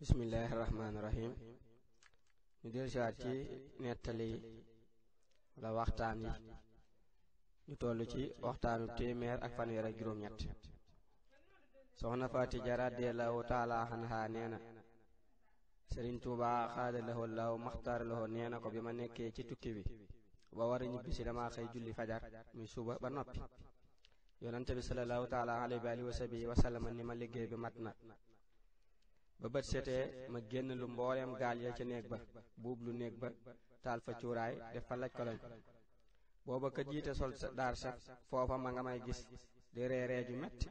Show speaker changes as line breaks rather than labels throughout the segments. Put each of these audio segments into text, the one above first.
bismillaahi rahmaani rahim ñu del siwaat ci nettali wala waxtaan yi ñu toll ci waxtaanu téeméer ak fan ak juróom-ñett soxna Faati Jara radiyallaahu taala anha nee na Sëriñ Tuubaa xaada lahu laaw maxtaar lahu na ko bi ma nekkee ci tukki bi ba war a ñibbisi dama xëy julli fajar muy suba ba noppi yonante bi sallallaahu ni ma liggéey bi mat na ba setee ma génn lu mbooleem gaal ya ca néeg ba buub lu néeg ba taal fa cuuraay def fa laj koloñ booba ka jiite sol daar sa foofa ma nga may gis di reeree ju metti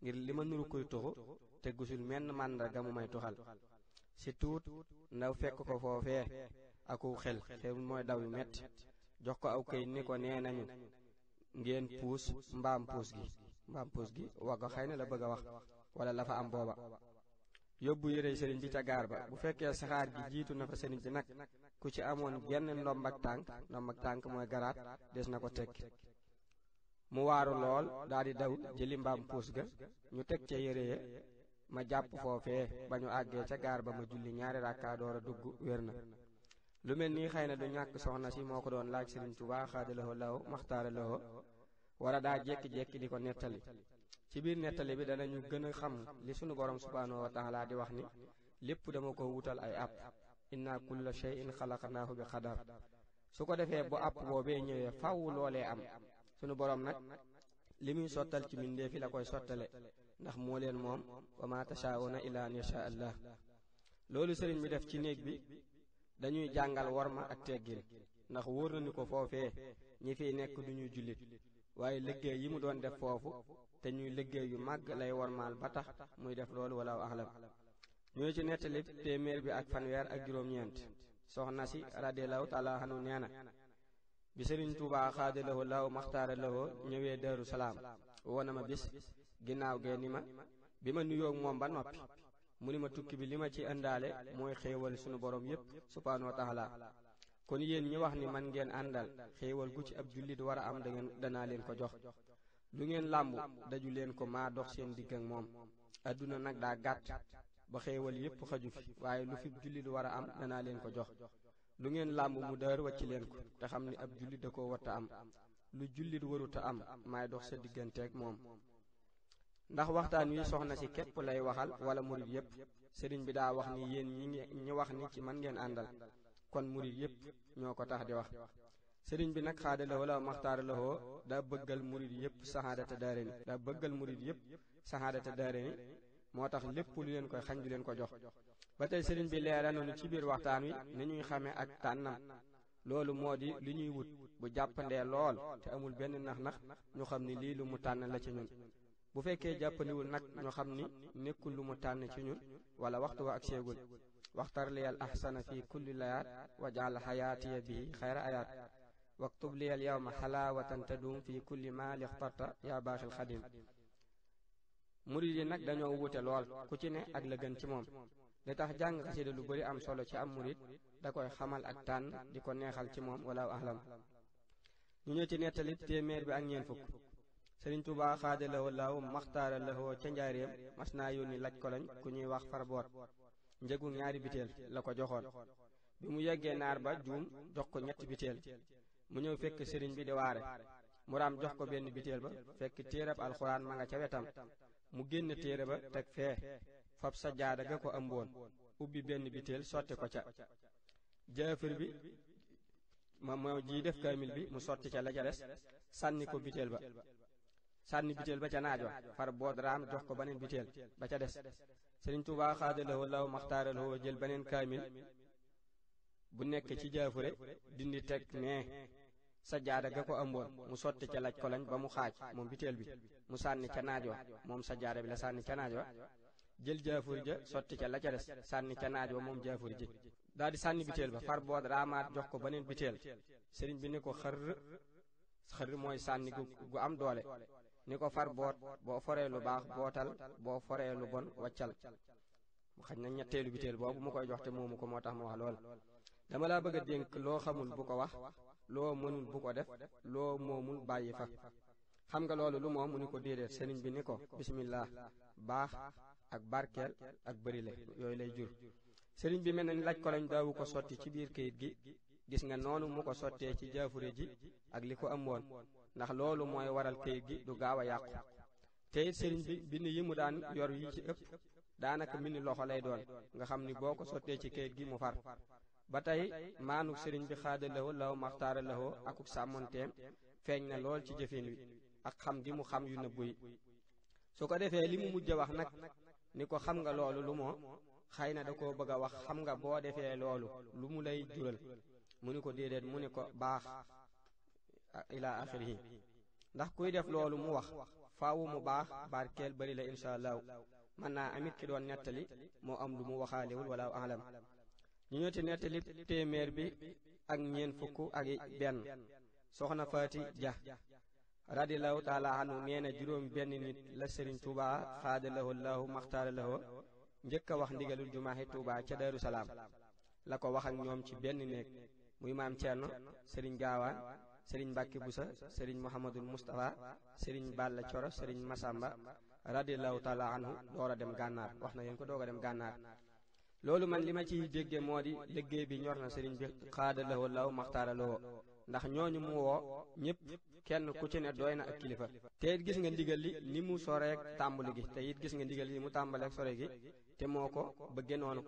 ngir li ma nuru koy tuxu te gisul menn màndarga mu may tuxal si tuut ndaw fekk ko foofee aku xel xel mooy daw yu metti jox ko aw kay ni ko nee nañu ngeen puus mbaam puus gi mbaam puus gi wax ko xëy na la bëgg a wax wala la fa am booba yóbbu yére sëriñ bi ca gaar ba bu fekkee saxaar gi jiitu na fa sëriñ bi nag ku ci amoon genn ndombak tànk ndombak tànk mooy garaat des na ko tekki mu waaru lool daal di daw jëli mbaam puus ga ñu teg ca yére ya ma jàpp foofe ba ñu àggee ca gaar ba ma julli ñaari rakkaa door a dugg wér na lu mel nii xëy na du ñàkk soxna si moo ko doon laaj sëriñ Tuubaa xaadalaho law maxtaaralaho wara daa jékki-jékki di ko nettali ci biir nettali bi danañu gën a xam li sunu borom subhaanahu wa taala di wax ni lépp dama ko wutal ay àpp inna kulla shay'in xalaqnaahu bi xadar su ko defee bu àpp boobee ñëwee fàww loolee am sunu borom nag li muy sottal ci mbindéef yi la koy sottale ndax moo leen moom wa ma tashaauna illa an yasha allah loolu sëriñ bi def ci néeg bi dañuy jàngal war ma ak teggin ndax wóor na ni ko foofee ñi fiy nekk duñuy jullit waaye liggéey yi mu doon def foofu te ñuy liggéey yu màgg lay wormaal ba tax muy def loolu walaaw axlam ñoo ci nettali téeméer bi ak fanweer ak juróom-ñeent soxna si radiyallahu taala anhu nee na bi sëriñ Tuubaa xaadalahu laaw maxtaara lahoo ñëwee Daaru Salaam woo na ma bis ginnaaw gee ni ma bi ma nuyoo moom ba noppi mu ni ma tukki bi li ma ci ëndaale mooy xéewal sunu borom yépp subhaanahu wa taala kon yen ñi wax ni man ngeen andal xewal gu ci ab julit wara am am ngeen dana leen ko jox lu ngeen lamb daju leen ko ma dox seen digg ak mom aduna nak da gatt ba xewal yep xaju fi waye lu fi julit wara am dana leen ko jox lu ngeen lamb mu dër wacc leen ko te xamni ab julit da ko wata am lu waru ta am may dox sa ak mom. ndax waxtaan wi soxna ci kep lay waxal wala murid yep serigne bi da wax ni yen ñi ñi wax ni ci man ngeen andal kon murid yépp ñoo ko tax di wax sëriñ bi nag xaada la wala maxtaara la woo daa bëggal murid yépp saxaadata daare daa bëggal murid yépp saxaadata daare moo tax lépp lu leen koy xañ du leen ko jox ba tey sëriñ bi leera noonu ci biir waxtaan wi ni ñuy xamee ak tànnam loolu moo di li ñuy wut bu jàppandee lool te amul benn nax-nax ñu xam ni lii lu mu tànn la ci ñun bu fekkee jàppandiwul nag ñu xam ni nekkul lu mu tànn ci ñun wala waxtu wa ak واختر لي الأحسن في كل الآيات واجعل حياتي به خير آيات واكتب لي اليوم حلاوة تدوم في كل ما اخترت يا باش الخادم مريدي نك دانيو ووتا لول كوتي ني اك لا گن موم لي تخ جانغ رشيد لو بري ام سولو تي ام مريد داكوي خمال اك تان ديكو نيهال تي موم ولا اعلم ني نيو تي نيتالي تيمير بي اك نين فوك سيرين توبا خاد الله مختار له تي نجاريم مسنا يوني لاج كولن كوني واخ فار njëgu ñaari biteel la ko joxoon bi mu yeggee naar ba juum jox ko ñetti biteel mu ñëw fekk sëriñ bi di waare muraam jox ko benn biteel ba fekk téerab alxuraan ma nga ca wetam mu génn téere ba teg fee fab sa jaada ga ko ëmboon ubbi benn biteel sotti ko ca jaafir bi ma moo jii def kaamil bi mu sotti ca la ca sànni ko biteel ba sànni biteel ba ca naaj wa far bood raam jox ko beneen biteel ba ca des sëriñ Tuubaa xaada lahu law maxtaara lahu jël beneen kaamil bu nekk ci jaafure dindi teg nee sa jaada ga ko ëmboon mu sotti ca laj ko lañ ba mu xaaj moom biteel bi mu sànni ca naaj wa moom sa jaada bi la sànni ca naaj wa jël jaafur ja sotti ca la ca des sànni ca naaj wa moom jaafur ji daal di sànni biteel ba far bood raamaat jox ko beneen biteel sëriñ bi ne ko xër xër mooy sànni gu am doole ni ko far boot boo foree lu baax bootal boo foree lu bon waccal xañ na ñetteelu biteel boobu mu koy jox te moomu ko moo tax ma wax lool dama laa bëgg a dénk loo xamul bu ko wax loo mënul bu ko def loo moomul bàyyi fa xam nga loolu lu moom mu ni ko déedéet sëriñ bi ni ko bisimilah baax ak barkeel ak bërile yooyu lay jur sëriñ bi mel na ni laaj ko lañ daawu ko sotti ci biir kayit gi gis nga noonu mu ko sottee ci jaafure ji ak li ko am woon ndax loolu mooy waral kayit gi du gaaw a yàqu te it sëriñ bi bind yi mu daan yor yi ci ëpp daanaka mbind loxo lay doon nga xam ni boo ko sottee ci kayit gi mu far ba tey maanu sëriñ bi xaadalawoo law maxtaara lawoo akuk sàmmonteem feeñ na lool ci jëfin wi ak xam gi mu xam yu nëbbu buy su ko defee li mu mujj wax nag ni ko xam nga loolu lu moo xëy na da koo bëgg a wax xam nga boo defee loolu lu mu lay jural mu ni ko déedéet mu ni ko baax ila axirihi ndax kuy def loolu mu wax faawu mu baax barkeel bari la insha allahu mën naa amit ki doon nettali moo am lu mu waxaalewul wala alam ñu ñëw ci nettali téeméer bi ak ñeen fukk ak benn soxna faati ja radiallahu taala anhu nee na juróom benn nit la sëriñ tuuba xaadalahu allahu maxtaara lahu njëkk wax ndigalul jumaaxi tuuba ca daru salaam la wax ak ñoom ci benn néeg muy maam Cerno sëriñ gaawaan sëriñ Mbàkke Busa sëriñ Mouhamadul Moustapha sëriñ Balla Coro sëriñ Masamba radiallahu taala anhu door a dem gànnaar wax na leen ko doog a dem gànnaar loolu man li ma ciy dégge moo di liggéey bi ñor na sëriñ bi xaada lawo law maxtaara lawo ndax ñooñu mu woo ñëpp kenn ku ci ne doy na ak kilifa te it gis nga ndigal li ni mu soreek tàmbali gi te it gis nga ndigal li mu tàmbaleek sore gi te moo ko bëgge noonu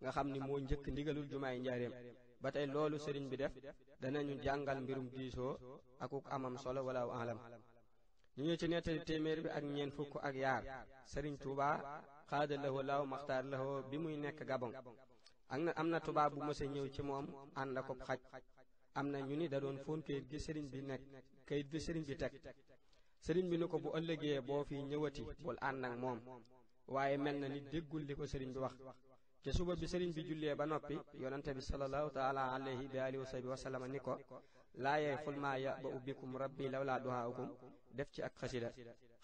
nga xam ni moo njëkk ndigalul jumaay njaareem ba tey loolu sëriñ bi def danañu jàngal mbirum diisoo akuk amam solo wala alam ñu ñëw ci nettali téeméer bi ak ñeent fukk ak yaar sëriñ Touba xaada lawo law maxtaar lawo bi muy nekk Gabon ak na am na tubaab bu mësa ñëw ci moom ànd ak xaj am na ñu ni da doon fóon gi sëriñ bi nekk kayit gi sëriñ bi teg sëriñ bi ni ko bu ëllëgee boo fi ñëwati bul ànd ak moom waaye mel na ni déggul li ko sëriñ bi wax ca suba bi sëriñ bi jullee ba noppi yonante bi sallallahu taala alayhi bi alihi wa sahbi wa sallama ni ko laayee fulmaa ya ba ubbikum rabbi lawlaa duhaaukum def ci ak xasida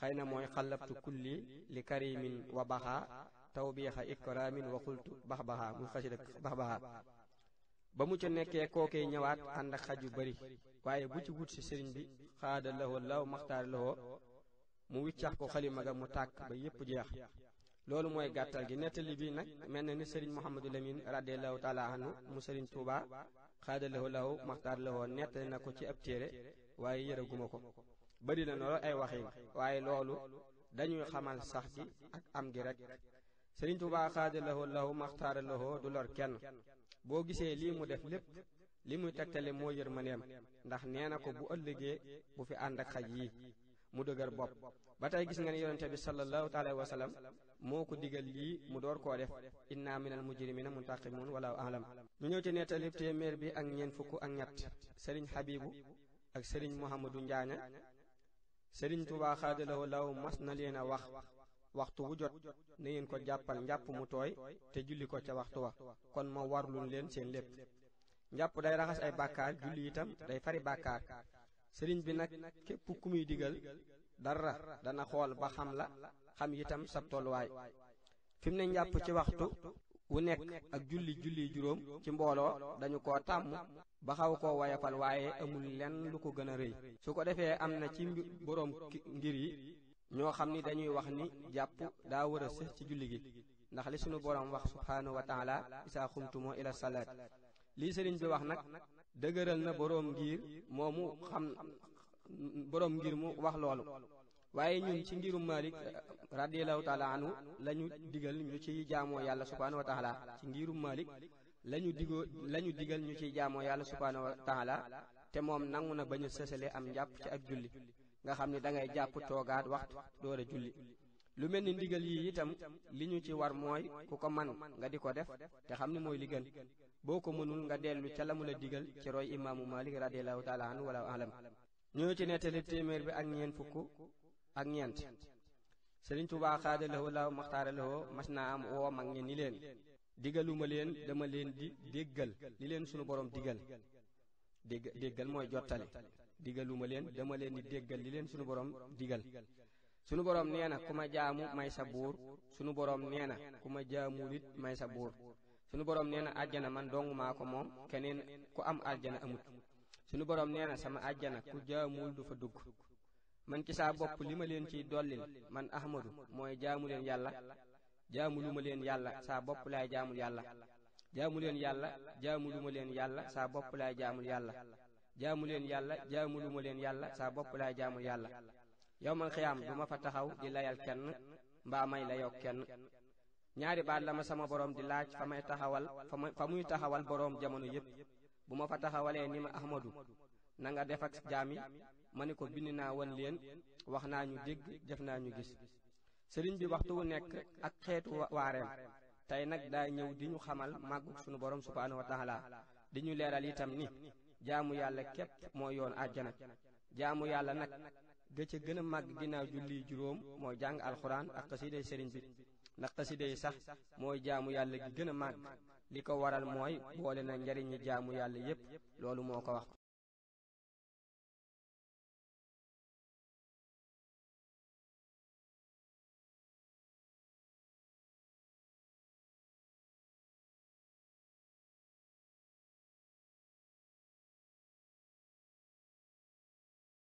xay na mooy xallabtu kulli li karimin wa baxaa tawbiixa ikramin wa xultu bax baxaa muy xasida bax baxaa ba mu ca nekkee kookee ñëwaat ànd ak xaj yu bari waaye bu ci wut si sëriñ bi xaada lahoo law maxtaar lahoo mu wiccax ko xalima ga mu tàkk ba yépp jeex loolu mooy gàttal gi nettali bi nag mel na ni sëriñ Mouhamadou Lamine radiallahu taala anhu mu sëriñ Touba xaadalawoo lahu maxtaar lawoo nettali na ko ci ab téere waaye yëraguma ko bari na loolu ay waxin waaye loolu dañuy xamal sax gi ak am gi rek sëriñ Touba xaadalawoo lahu maxtaar lawoo du lor kenn boo gisee lii mu def lépp li muy tegtale moo yërmandeem ndax nee na ko bu ëllëgee bu fi ànd ak xaj yi mu dëgër bopp ba tey gis nga ne yonente bi sallallahu taala wa sallam moo ko digal lii mu door koo def inna al mujrimina muntaqimun wala alam ñu ñëw ci nettali téeméer bi ak ñeen fukk ak ñett sëriñ xabibu ak sëriñ muhammadu njaaña sëriñ tuba xaadalawo law mas na leen a wax waxtu wu jot na ngeen ko jàppal njàpp mu tooy te julli ko ca waxtu wa kon ma warlun leen seen lépp njàpp day raxas ay bàkkaar julli itam day fari bàkkaar sëriñ bi nag képp ku muy digal dara dana xool ba xam la xam itam sab tolluwaay fi mu ne njàpp ci waxtu wu nekk ak julli julli juróom ci mbooloo dañu ko tàmm ba xaw koo wayafal waaye amul lenn lu ko gën a rëy su ko defee am na ci boroom ngir yi ñoo xam ni dañuy wax ni jàpp daa war a sëx ci julli gi ndax li sunu boroom wax subhaanahu wa taala isaa xumtumoo ila salaat lii sëriñ bi wax nag dëgëral na boroom ngir moomu xam borom ngir mu wax loolu waaye ñun ci ngirum Malik radiyallahu taala anhu la ñu digal ñu ciy jaamoo yàlla subhaanahu wa taala ci ngirum Malik la ñu digoo la ñu digal ñu ciy jaamoo yàlla subhaanahu wa taala te moom nangu na ba ñu sësale am njàpp ci ak julli nga xam ne da ngay jàpp toogaat waxtu door a julli lu mel ni ndigal yii itam li ñu ci war mooy ku ko man nga di ko def te xam ni mooy li gën boo ko mënul nga dellu ca la mu la digal ci roy imaamu malik radiallahu taala anhu wala alam ñoo ci nettali téeméer bi ak ñeent fukk ak ñeent sëriñ tubaa xaada lahoo laaw maxtaara lahoo mas naa am woo mag ni ni leen digaluma leen dama leen di déggal ni leen sunu borom digal dégg déggal mooy jottali digaluma leen dama leen di déggal li leen sunu borom digal sunu borom neena kuma jaamu may sa bur sunu borom neena kuma jaamu nit may sa bur sunu borom neena aljana man dong mako ko kenen ku am aljana amut sunu borom neena sama aljana ku jaamu du fa dug man ci sa bop li ma leen ciy man ahmadu moy jaamu len yalla jaamu luma len yalla sa bop lay jaamu jaamul jaamu len yalla jaamu luma len yalla sa bop lay jaamu jaamul jaamu len yalla jaamu lu ma jaamul yalla. yowmal xiyaam du ma fa taxaw di layal kenn mbaa may layoo kenn ñaari baat la ma sama boroom di laaj fa may taxawal fa muy taxawal boroom jamono yépp bu ma fa taxawalee ni ma ahmadu na nga def jaam yi ma ni ko bind naa wan leen wax naa ñu dégg def naa ñu gis sëriñ bi waxtu wu nekk ak xeetu waareem tey nag daa ñëw di ñu xamal màggug sunu borom subhaanahu wa taala di ñu leeral tam ni jaamu yàlla képp moo yoon àjjana jaamu yàlla nag ga ca gën a màgg ginnaaw julli juróom mooy jàng alxuraan ak xasiday sëriñ bi ndax xasida yi sax mooy jaamu yàlla gi gën a màgg li ko waral mooy boole na njariñi jaamu yàlla yépp loolu moo ko wax